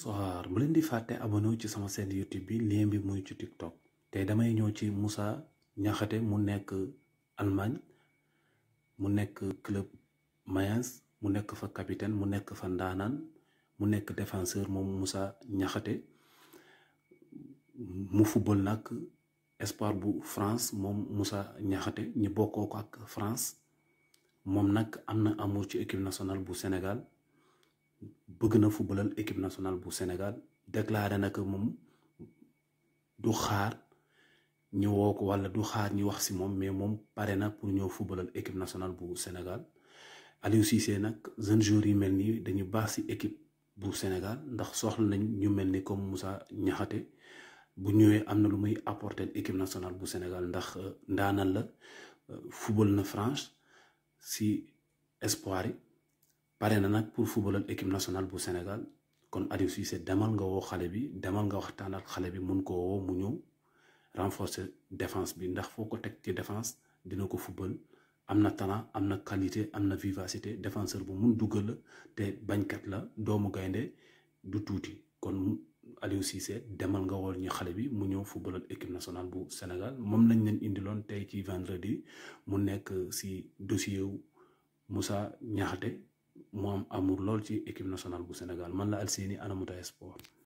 bonsoir bu leen di fàtte abonné ci sama seen youtube bi lien bi muy ci tiktok tey damay ñëw ci Moussa ñaxate mu nekk almaañ mu nekk club Mayence mu nekk fa capitaine mu nekk fa ndaanaan mu nekk défenseur moom Moussa ñaxate mu football nag espoir bu France moom Moussa ñaxate ñu bokkoo ko ak France moom nag am na amour ci équipe nationale bu Sénégal bëgg na footballal équipe national bu Sénégal déclaré nag moom du xaar ñu woo ko walla du xaar ñu wax si moom mais moom pare na pour ñëw footballal équipe national bu Sénégal Aliou Cissé nag jeune joueur yu mel nii dañu baax ci équipe bu Sénégal ndax soxla nañ ñu mel ni comme Moussa ñaxate bu ñëwee am na lu muy apporter équipe national bu Sénégal ndax euh, ndaanal la euh, football na France ci espoir yi. pare nak pour footballal équipe nationale bu Sénégal kon Aliou Cissé demal nga wo xalé bi demal nga waxtaan ak bi mun ko wo mu renforcer défense bi ndax foko tek ci défense dina ko football amna talent amna qualité amna vivacité défenseur bu mun duggal té te bañkat la doomu gaynde du touti kon Aliou Cissé demal nga wool ñu xalé bi mu ñëw footballal équipe nationale bu Sénégal mom lañ leen lon tey ci vendredi mu nekk si dossier Moussa Niakhaté mu am amour lool ci équipe nationale bu Sénégal man la Alseyni ana Moutaye Sport